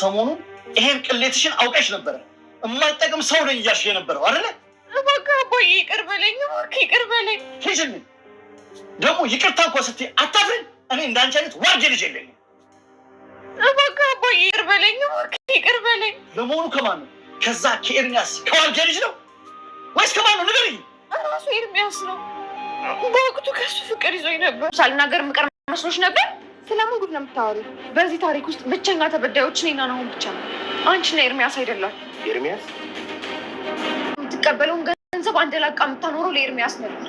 ሰሞኑን ይሄን ቅሌትሽን አውቀሽ ነበረ የማይጠቅም ሰው ነኝ እያልሽ የነበረው አይደለ? እባክህ አቦዬ ይቅር በለኝ፣ እባክህ ይቅር በለኝ። ሂጂልኝ። ደግሞ ይቅርታ እኮ ስትይ አታፍሪም? እኔ እንዳንቺ አይነት ዋርጅ ልጅ የለኝም። እባክህ አቦዬ ይቅር በለኝ፣ እባክህ ይቅር በለኝ። ለመሆኑ ከማን ነው? ከዛ ከኤርሚያስ ከዋርጅ ልጅ ነው ወይስ ከማን ነው? ንገሪኝ። ራሱ ኤርሚያስ ነው። በወቅቱ ከሱ ፍቅር ይዞኝ ነበር። ሳልናገር ምቀር መስሎሽ ነበር? ስለምን ጉድ ነው የምታወሪው? በዚህ ታሪክ ውስጥ ብቸኛ ተበዳዮች እኔና ናሆም ብቻ ነው። አንቺና ኤርሚያስ አይደለም። ኤርሚያስ የምትቀበለውን ገንዘብ አንድ ላቃ የምታኖረው ለኤርሚያስ ነበር።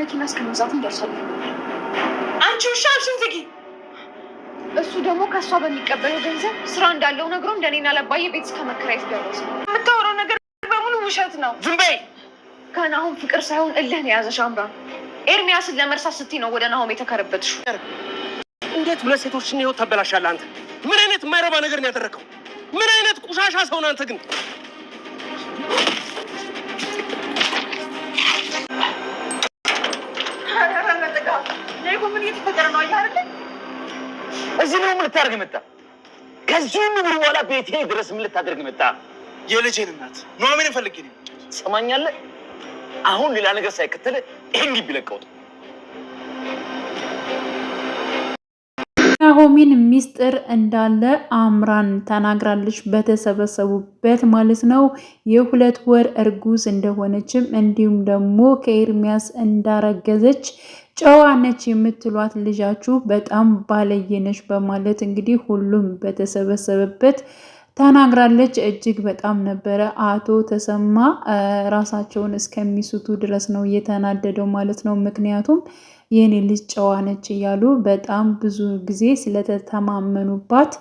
መኪና እስከ መግዛትም ደርሳል። አንቺ ውሻ አልሽን ዝጊ። እሱ ደግሞ ከእሷ በሚቀበለው ገንዘብ ስራ እንዳለው ነግሮ እንደኔና ለባዬ ቤት እስከ መከራየት ደረሰ። የምታወራው ነገር በሙሉ ውሸት ነው። ዝም በይ። ከናሆም ፍቅር ሳይሆን እልህ ነው የያዘሽ አምራ። ኤርሚያስን ለመርሳት ስትይ ነው ወደ ናሆም የተከረበትሽው። እንዴት ሁለት ሴቶችን ህይወት ታበላሻለህ? አንተ ምን አይነት የማይረባ ነገር ነው ያደረከው? ምን አይነት ቁሻሻ ሰው ነህ አንተ ግን? እዚህ ነው ልታደርግ መጣ። ከዚህ ምን በኋላ ቤቴ ድረስ ምን ልታደርግ መጣ? የልጄን እናት ኑሐሚንን ፈልጌ ነው። ትሰማኛለህ? አሁን ሌላ ነገር ሳይከተል ይሄን ግቢ ለቀውጥ የኑሐሚን ሚስጥር እንዳለ አምራን ተናግራለች፣ በተሰበሰቡበት ማለት ነው። የሁለት ወር እርጉዝ እንደሆነችም እንዲሁም ደግሞ ከኤርሚያስ እንዳረገዘች ጨዋ ነች የምትሏት ልጃችሁ በጣም ባለየነች በማለት እንግዲህ ሁሉም በተሰበሰበበት ተናግራለች። እጅግ በጣም ነበረ አቶ ተሰማ ራሳቸውን እስከሚስቱ ድረስ ነው እየተናደደው ማለት ነው። ምክንያቱም የኔ ልጅ ነች እያሉ በጣም ብዙ ጊዜ ስለተተማመኑባት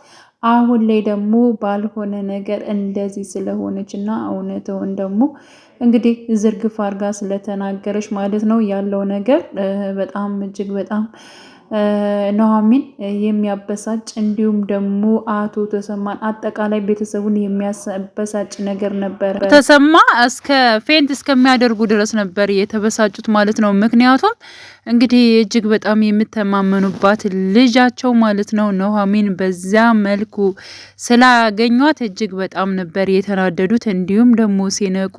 አሁን ላይ ደግሞ ባልሆነ ነገር እንደዚህ ስለሆነች እና እውነትውን ደግሞ እንግዲህ ዝርግፍ አድርጋ ስለተናገረች ማለት ነው ያለው ነገር በጣም እጅግ በጣም ኑሐሚን የሚያበሳጭ እንዲሁም ደግሞ አቶ ተሰማን አጠቃላይ ቤተሰቡን የሚያበሳጭ ነገር ነበረ። ተሰማ እስከ ፌንት እስከሚያደርጉ ድረስ ነበር የተበሳጩት ማለት ነው። ምክንያቱም እንግዲህ እጅግ በጣም የምተማመኑባት ልጃቸው ማለት ነው ኑሐሚን በዛ መልኩ ስላገኟት እጅግ በጣም ነበር የተናደዱት። እንዲሁም ደግሞ ሲነቁ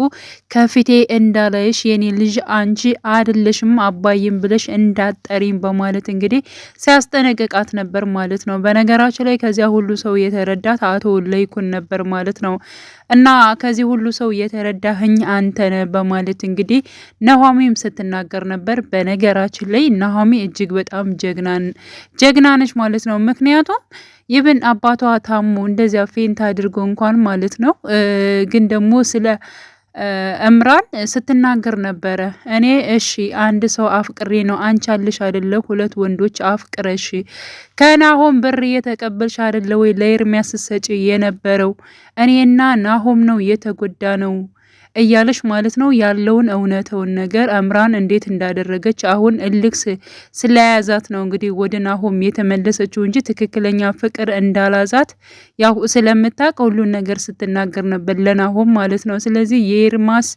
ከፊቴ እንዳላይሽ የኔ ልጅ አንቺ አይደለሽም አባይም ብለሽ እንዳጠሪም በማለት እንግዲህ እንግዲህ ሲያስጠነቅቃት ነበር ማለት ነው። በነገራችን ላይ ከዚያ ሁሉ ሰው የተረዳት አቶ ለይኩን ነበር ማለት ነው። እና ከዚህ ሁሉ ሰው የተረዳህኝ አንተነ በማለት እንግዲህ ነሀሚም ስትናገር ነበር። በነገራችን ላይ ነሀሚ እጅግ በጣም ጀግና ነች ማለት ነው። ምክንያቱም ይብን አባቷ ታሞ እንደዚያ ፌንት አድርጎ እንኳን ማለት ነው ግን ደግሞ ስለ እምራን ስትናገር ነበረ። እኔ እሺ አንድ ሰው አፍቅሬ ነው አንቺ አልሽ አይደለ? ሁለት ወንዶች አፍቅረሽ ከናሆም ብር እየተቀበልሽ አይደለ ወይ ለኤርሚያስ ሰጪ የነበረው? እኔና ናሆም ነው የተጎዳ ነው እያለች ማለት ነው ያለውን እውነተውን ነገር አምራን እንዴት እንዳደረገች አሁን እልክ ስለያዛት ነው እንግዲህ ወደ ናሆም የተመለሰችው እንጂ ትክክለኛ ፍቅር እንዳላዛት ያው ስለምታውቅ ሁሉን ነገር ስትናገር ነበር ለናሆም ማለት ነው። ስለዚህ የኤርማስ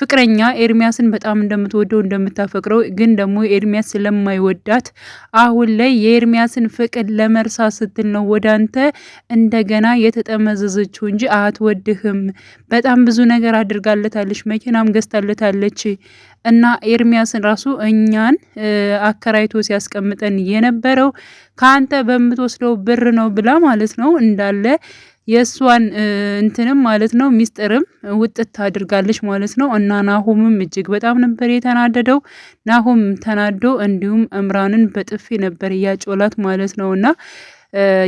ፍቅረኛ ኤርሚያስን በጣም እንደምትወደው እንደምታፈቅረው፣ ግን ደግሞ ኤርሚያስ ስለማይወዳት አሁን ላይ የኤርሚያስን ፍቅር ለመርሳት ስትል ነው ወደ አንተ እንደገና የተጠመዘዘችው እንጂ አትወድህም። በጣም ብዙ ነገር አድርጋለ ገዝታለታለች፣ መኪናም ገዝታለታለች። እና ኤርሚያስን ራሱ እኛን አከራይቶ ሲያስቀምጠን የነበረው ከአንተ በምትወስደው ብር ነው ብላ ማለት ነው እንዳለ የእሷን እንትንም ማለት ነው ሚስጥርም ውጥት አድርጋለች ማለት ነው። እና ናሆምም እጅግ በጣም ነበር የተናደደው። ናሆም ተናዶ እንዲሁም እምራንን በጥፊ ነበር እያጮላት ማለት ነው። እና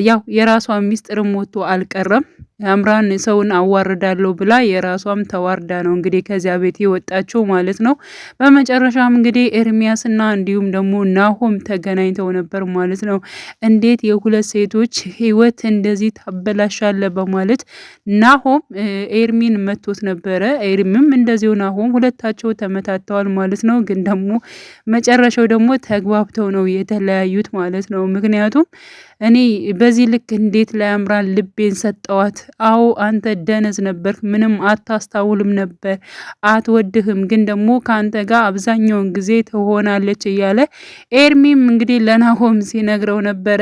ያው የራሷን ሚስጥርም ወጥቶ አልቀረም። አምራን ሰውን አዋርዳለሁ ብላ የራሷም ተዋርዳ ነው እንግዲህ ከዚያ ቤት የወጣችው ማለት ነው። በመጨረሻም እንግዲህ ኤርሚያስና እንዲሁም ደግሞ ናሆም ተገናኝተው ነበር ማለት ነው። እንዴት የሁለት ሴቶች ህይወት እንደዚህ ታበላሻለ? በማለት ናሆም ኤርሚን መቶት ነበረ። ኤርሚም እንደዚሁ ናሆም ሁለታቸው ተመታተዋል ማለት ነው። ግን ደግሞ መጨረሻው ደግሞ ተግባብተው ነው የተለያዩት ማለት ነው። ምክንያቱም እኔ በዚህ ልክ እንዴት ለአምራን ልቤን ሰጠዋት አዎ አንተ ደነዝ ነበር፣ ምንም አታስታውልም ነበር፣ አትወድህም፣ ግን ደግሞ ከአንተ ጋር አብዛኛውን ጊዜ ትሆናለች እያለ ኤርሚም እንግዲህ ለናሆም ሲነግረው ነበረ።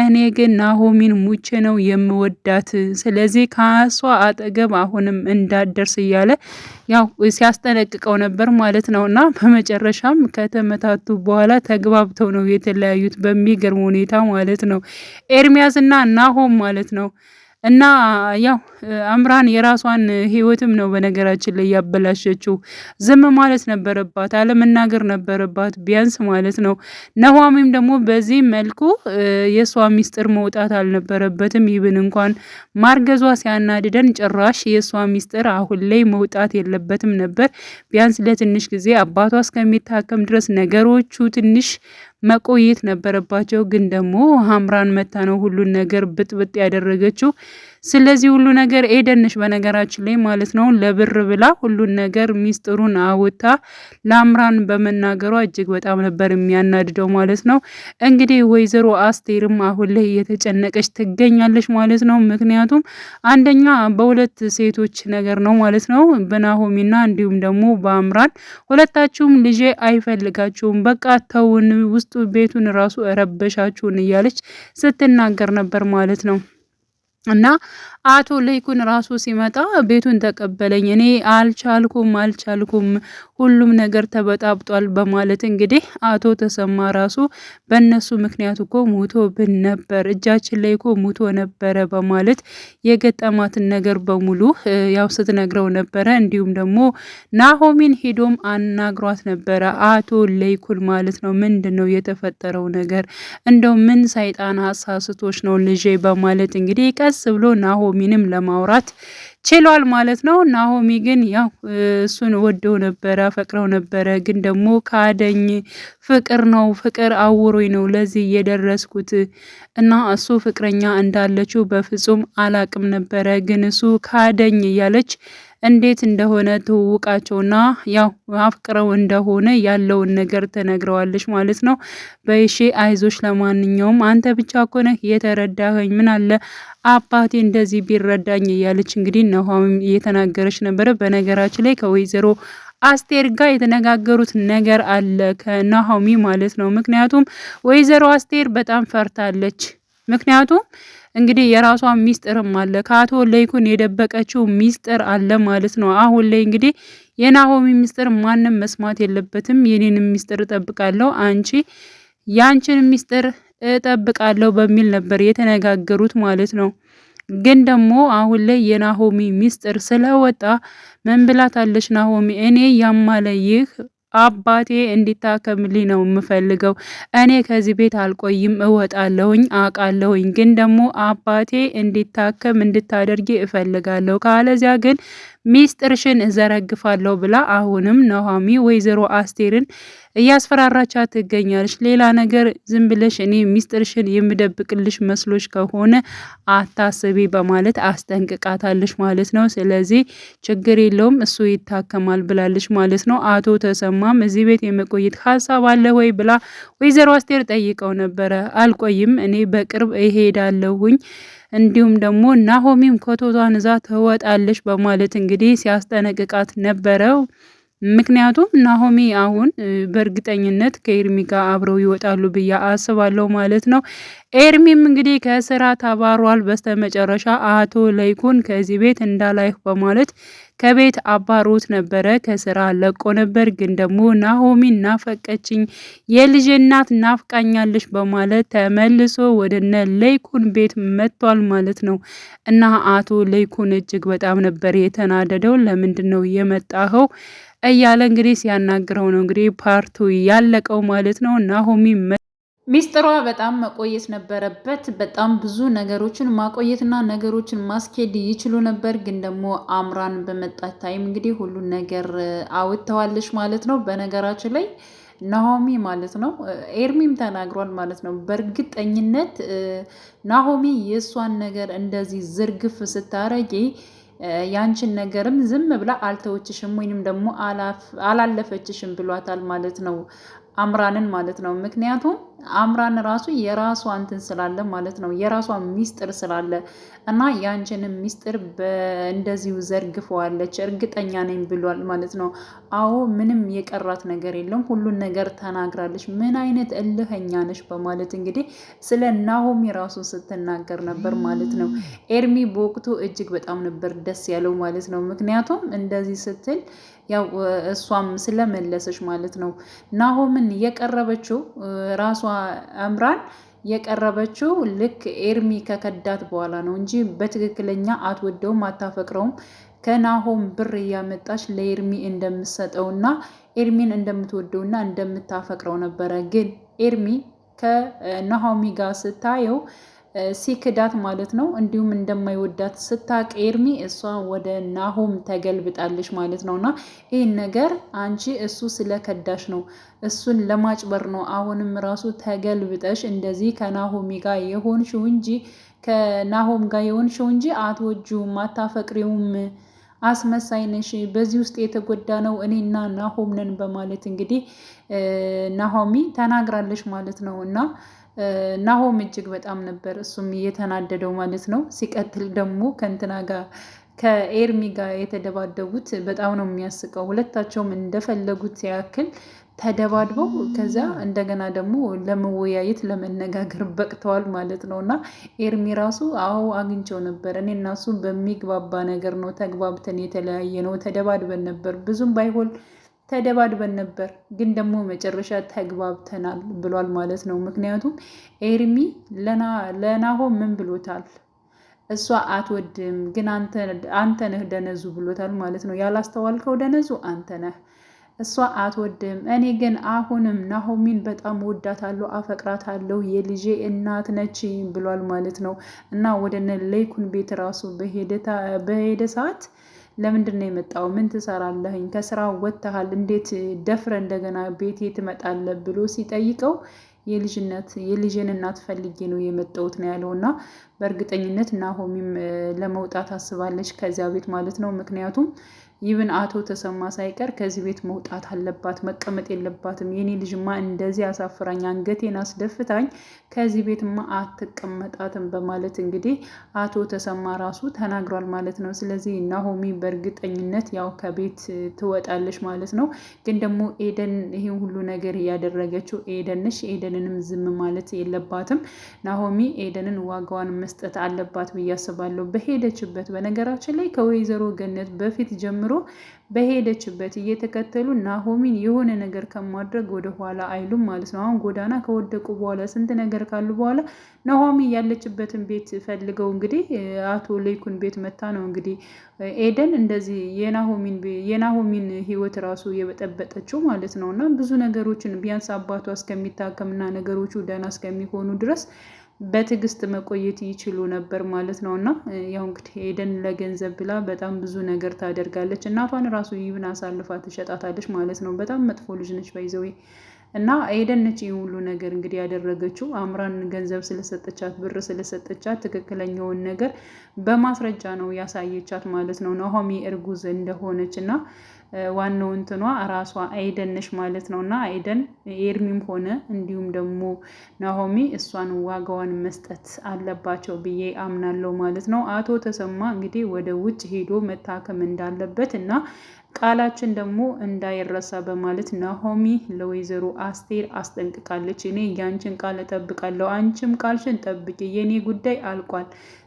እኔ ግን ናሆሚን ሙቼ ነው የምወዳት፣ ስለዚህ ከሷ አጠገብ አሁንም እንዳደርስ እያለ ያው ሲያስጠነቅቀው ነበር ማለት ነው። እና በመጨረሻም ከተመታቱ በኋላ ተግባብተው ነው የተለያዩት በሚገርም ሁኔታ ማለት ነው እና ናሆም ማለት ነው። እና ያው አምራን የራሷን ህይወትም ነው በነገራችን ላይ ያበላሸችው። ዝም ማለት ነበረባት፣ አለመናገር ነበረባት ቢያንስ ማለት ነው። ነዋሚም ደግሞ በዚህ መልኩ የእሷ ሚስጥር መውጣት አልነበረበትም። ይብን እንኳን ማርገዟ ሲያናድደን፣ ጭራሽ የእሷ ሚስጥር አሁን ላይ መውጣት የለበትም ነበር። ቢያንስ ለትንሽ ጊዜ አባቷ እስከሚታከም ድረስ ነገሮቹ ትንሽ መቆየት ነበረባቸው። ግን ደግሞ ሀምራን መታ ነው ሁሉን ነገር ብጥብጥ ያደረገችው። ስለዚህ ሁሉ ነገር ኤደንሽ በነገራችን ላይ ማለት ነው ለብር ብላ ሁሉን ነገር ሚስጥሩን አውታ ለአምራን በመናገሯ እጅግ በጣም ነበር የሚያናድደው ማለት ነው። እንግዲህ ወይዘሮ አስቴርም አሁን ላይ እየተጨነቀች ትገኛለች ማለት ነው። ምክንያቱም አንደኛ በሁለት ሴቶች ነገር ነው ማለት ነው በናሆሚና እንዲሁም ደግሞ በአምራን ሁለታችሁም ልጄ አይፈልጋችሁም፣ በቃ ተውን፣ ውስጡ ቤቱን ራሱ ረበሻችሁን እያለች ስትናገር ነበር ማለት ነው። እና አቶ ለይኩን ራሱ ሲመጣ ቤቱን ተቀበለኝ። እኔ አልቻልኩም አልቻልኩም፣ ሁሉም ነገር ተበጣብጧል በማለት እንግዲህ አቶ ተሰማ ራሱ በእነሱ ምክንያት እኮ ብን ነበር፣ እጃችን ላይ እኮ ሙቶ ነበረ በማለት የገጠማትን ነገር በሙሉ ያው ስትነግረው ነበረ። እንዲሁም ደግሞ ናሆሚን ሂዶም አናግሯት ነበረ አቶ ለይኩን ማለት ነው። ምንድን ነው የተፈጠረው ነገር እንደው ምን ሰይጣን አሳስቶች ነው ልጄ በማለት እንግዲህ ቀስ ብሎ ናሆ ናሆሚንም ለማውራት ችሏል ማለት ነው። ናሆሚ ግን ያው እሱን ወደው ነበረ ፈቅረው ነበረ፣ ግን ደግሞ ካደኝ ፍቅር ነው ፍቅር አውሮኝ ነው ለዚህ የደረስኩት እና እሱ ፍቅረኛ እንዳለችው በፍጹም አላቅም ነበረ፣ ግን እሱ ካደኝ እያለች እንዴት እንደሆነ ትውውቃቸውና ያው አፍቅረው እንደሆነ ያለውን ነገር ተነግረዋለች ማለት ነው። በይሼ አይዞች፣ ለማንኛውም አንተ ብቻ እኮ ነህ የተረዳኸኝ፣ ምን አለ አባቴ እንደዚህ ቢረዳኝ እያለች እንግዲህ ነሐሚም እየተናገረች ነበረ። በነገራችን ላይ ከወይዘሮ አስቴር ጋር የተነጋገሩት ነገር አለ ከናሆሚ ማለት ነው። ምክንያቱም ወይዘሮ አስቴር በጣም ፈርታለች። ምክንያቱም እንግዲህ የራሷ ሚስጥርም አለ ከአቶ ለይኩን የደበቀችው ሚስጥር አለ ማለት ነው። አሁን ላይ እንግዲህ የናሆሚ ሚስጥር ማንም መስማት የለበትም። የኔንም ሚስጥር እጠብቃለሁ፣ አንቺ ያንቺን ሚስጥር እጠብቃለሁ በሚል ነበር የተነጋገሩት ማለት ነው። ግን ደግሞ አሁን ላይ የናሆሚ ሚስጥር ስለወጣ ምን ብላታለች ናሆሚ? እኔ ያማለ ይህ አባቴ እንዲታከምልኝ ነው የምፈልገው። እኔ ከዚህ ቤት አልቆይም፣ እወጣለሁኝ አውቃለሁኝ። ግን ደግሞ አባቴ እንዲታከም እንድታደርጊ እፈልጋለሁ። ካለዚያ ግን ሚስጥርሽን እዘረግፋለሁ ብላ አሁንም ኑሃሚ ወይዘሮ አስቴርን እያስፈራራቻ ትገኛለች። ሌላ ነገር ዝም ብለሽ እኔ ሚስጥርሽን የምደብቅልሽ መስሎች ከሆነ አታስቢ በማለት አስጠንቅቃታለች ማለት ነው። ስለዚህ ችግር የለውም እሱ ይታከማል ብላለች ማለት ነው። አቶ ተሰማም እዚህ ቤት የመቆየት ሀሳብ አለ ወይ ብላ ወይዘሮ አስቴር ጠይቀው ነበረ። አልቆይም እኔ በቅርብ እሄዳለሁኝ እንዲሁም ደግሞ ናሆሚም ከቶቷን እዛ ትወጣለች በማለት እንግዲህ ሲያስጠነቅቃት ነበረው። ምክንያቱም ናሆሚ አሁን በእርግጠኝነት ከኤርሚ ጋር አብረው ይወጣሉ ብዬ አስባለሁ ማለት ነው። ኤርሚም እንግዲህ ከስራ ተባሯል። በስተመጨረሻ አቶ ለይኩን ከዚህ ቤት እንዳላይህ በማለት ከቤት አባሮት ነበረ። ከስራ ለቆ ነበር። ግን ደግሞ ናሆሚ ናፈቀችኝ፣ የልጅ እናት ናፍቃኛለች በማለት ተመልሶ ወደነ ለይኩን ቤት መጥቷል ማለት ነው። እና አቶ ለይኩን እጅግ በጣም ነበር የተናደደው። ለምንድን ነው የመጣኸው እያለ እንግዲህ ሲያናግረው ነው እንግዲህ ፓርቱ ያለቀው ማለት ነው። ናሆሚ ሚስጥሯ በጣም መቆየት ነበረበት። በጣም ብዙ ነገሮችን ማቆየትና ነገሮችን ማስኬድ ይችሉ ነበር፣ ግን ደግሞ አምራን በመጣች ታይም እንግዲህ ሁሉን ነገር አውጥተዋለች ማለት ነው። በነገራችን ላይ ናሆሚ ማለት ነው ኤርሚም ተናግሯል ማለት ነው። በእርግጠኝነት ናሆሚ የእሷን ነገር እንደዚህ ዝርግፍ ስታረጌ ያንቺን ነገርም ዝም ብላ አልተወችሽም ወይንም ደግሞ አላለፈችሽም ብሏታል ማለት ነው። አምራንን ማለት ነው። ምክንያቱም አምራን ራሱ የራሷ እንትን ስላለ ማለት ነው የራሷ ሚስጥር ስላለ እና ያንችንም ሚስጥር እንደዚሁ ዘርግፈዋለች እርግጠኛ ነኝ ብሏል ማለት ነው። አዎ ምንም የቀራት ነገር የለም፣ ሁሉን ነገር ተናግራለች። ምን አይነት እልህኛ ነች በማለት እንግዲህ ስለ ናሆሚ ራሱ ስትናገር ነበር ማለት ነው። ኤርሚ በወቅቱ እጅግ በጣም ነበር ደስ ያለው ማለት ነው። ምክንያቱም እንደዚህ ስትል ያው እሷም ስለመለሰች ማለት ነው ናሆምን የቀረበችው ራሷ አምራን የቀረበችው ልክ ኤርሚ ከከዳት በኋላ ነው እንጂ በትክክለኛ አትወደውም፣ አታፈቅረውም። ከናሆም ብር እያመጣች ለኤርሚ እንደምትሰጠውና ኤርሚን እንደምትወደውና እንደምታፈቅረው ነበረ። ግን ኤርሚ ከናሆሚ ጋር ስታየው ሲክዳት ማለት ነው። እንዲሁም እንደማይወዳት ስታቅ ኤርሚ እሷ ወደ ናሆም ተገልብጣለች ማለት ነው እና ይህን ነገር አንቺ እሱ ስለከዳሽ ነው እሱን ለማጭበር ነው አሁንም ራሱ ተገልብጠሽ እንደዚህ ከናሆሚ ጋር የሆንሽው እንጂ ከናሆም ጋር የሆንሽው እንጂ አትወጂውም፣ አታፈቅሪውም አስመሳይ ነሽ። በዚህ ውስጥ የተጎዳ ነው እኔና ናሆም ነን በማለት እንግዲህ ናሆሚ ተናግራለች ማለት ነው እና ናሆም እጅግ በጣም ነበር እሱም እየተናደደው ማለት ነው። ሲቀጥል ደግሞ ከእንትና ጋር ከኤርሚ ጋር የተደባደቡት በጣም ነው የሚያስቀው። ሁለታቸውም እንደፈለጉት ያክል ተደባድበው ከዚያ እንደገና ደግሞ ለመወያየት ለመነጋገር በቅተዋል ማለት ነው። እና ኤርሚ ራሱ አዎ አግኝቸው ነበር። እኔ እናሱ በሚግባባ ነገር ነው ተግባብተን የተለያየ ነው። ተደባድበን ነበር ብዙም ባይሆን ተደባድበን ነበር፣ ግን ደግሞ መጨረሻ ተግባብተናል ብሏል ማለት ነው። ምክንያቱም ኤርሚ ለናሆ ምን ብሎታል? እሷ አትወድም፣ ግን አንተ ነህ ደነዙ ብሎታል ማለት ነው። ያላስተዋልከው ደነዙ አንተ ነህ። እሷ አትወድም፣ እኔ ግን አሁንም ናሆሚን በጣም ወዳታለሁ፣ አፈቅራታለሁ፣ የልጄ እናት ነች ብሏል ማለት ነው። እና ወደ እነ ለይኩን ቤት ራሱ በሄደ ሰዓት ለምንድን ነው የመጣው? ምን ትሰራለህኝ? ከስራ ወጥተሃል? እንዴት ደፍረ እንደገና ቤቴ ትመጣለህ? ብሎ ሲጠይቀው የልጅነት የልጅን እናት ፈልጌ ነው የመጣሁት ነው ያለው። እና በእርግጠኝነት ናሆሚም ለመውጣት አስባለች ከዚያ ቤት ማለት ነው ምክንያቱም ይብን አቶ ተሰማ ሳይቀር ከዚህ ቤት መውጣት አለባት፣ መቀመጥ የለባትም። የኔ ልጅማ እንደዚህ አሳፍራኝ፣ አንገቴን አስደፍታኝ፣ ከዚህ ቤትማ አትቀመጣትም በማለት እንግዲህ አቶ ተሰማ ራሱ ተናግሯል ማለት ነው። ስለዚህ ናሆሚ በእርግጠኝነት ያው ከቤት ትወጣለች ማለት ነው። ግን ደግሞ ኤደን ይህን ሁሉ ነገር እያደረገችው ኤደንሽ፣ ኤደንንም ዝም ማለት የለባትም ናሆሚ ኤደንን ዋጋዋን መስጠት አለባት ብዬ አስባለሁ። በሄደችበት በነገራችን ላይ ከወይዘሮ ገነት በፊት ጀምሮ ብሎ በሄደችበት እየተከተሉ ናሆሚን የሆነ ነገር ከማድረግ ወደ ኋላ አይሉም ማለት ነው። አሁን ጎዳና ከወደቁ በኋላ ስንት ነገር ካሉ በኋላ ናሆሚ ያለችበትን ቤት ፈልገው እንግዲህ አቶ ሌኩን ቤት መታ ነው እንግዲህ ኤደን እንደዚህ የናሆሚን ህይወት ራሱ የበጠበጠችው ማለት ነው። እና ብዙ ነገሮችን ቢያንስ አባቷ እስከሚታከምና ነገሮቹ ደህና እስከሚሆኑ ድረስ በትዕግስት መቆየት ይችሉ ነበር ማለት ነው። እና ያው እንግዲህ ሄደን ለገንዘብ ብላ በጣም ብዙ ነገር ታደርጋለች። እናቷን ራሱ ይብን አሳልፋ ትሸጣታለች ማለት ነው። በጣም መጥፎ ልጅ ነች ባይዘዌ እና ኤደን ነች ይህ ሁሉ ነገር እንግዲህ ያደረገችው አምራን ገንዘብ ስለሰጠቻት ብር ስለሰጠቻት ትክክለኛውን ነገር በማስረጃ ነው ያሳየቻት ማለት ነው። ናሆሚ እርጉዝ እንደሆነች እና ዋናው እንትኗ ራሷ አይደን ነሽ ማለት ነው። እና አይደን ኤርሚም ሆነ እንዲሁም ደግሞ ናሆሚ እሷን ዋጋዋን መስጠት አለባቸው ብዬ አምናለሁ ማለት ነው። አቶ ተሰማ እንግዲህ ወደ ውጭ ሄዶ መታከም እንዳለበት እና ቃላችን ደግሞ እንዳይረሳ በማለት ናሆሚ ለወይዘሮ አስቴር አስጠንቅቃለች። እኔ ያንችን ቃል እጠብቃለሁ፣ አንቺም ቃልሽን ጠብቂ፣ የእኔ ጉዳይ አልቋል።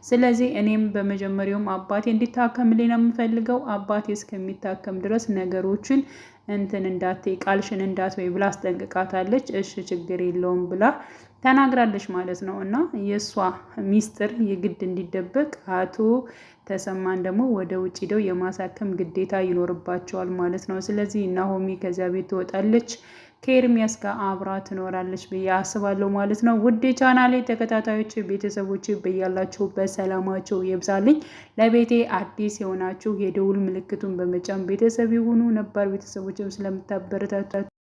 ስለዚህ እኔም በመጀመሪያውም አባቴ እንዲታከምልኝ ነው የምፈልገው። አባቴ እስከሚታከም ድረስ ነገሮችን እንትን እንዳትይ፣ ቃልሽን እንዳትወይ ብላ አስጠንቅቃታለች። እሺ ችግር የለውም ብላ ተናግራለች ማለት ነው። እና የእሷ ሚስጥር የግድ እንዲደበቅ አቶ ተሰማን ደግሞ ወደ ውጭ ሄደው የማሳከም ግዴታ ይኖርባቸዋል ማለት ነው። ስለዚህ ናሆሚ ከዚያ ቤት ትወጣለች ከኤርሚያስ ጋር አብራ ትኖራለች ብዬ አስባለሁ ማለት ነው። ውድ ቻናሌ ተከታታዮች ቤተሰቦች በያላቸው ሰላማቸው ይብዛልኝ። ለቤቴ አዲስ የሆናችሁ የደውል ምልክቱን በመጫን ቤተሰብ የሆኑ ነባር ቤተሰቦችም ስለምታበረታታ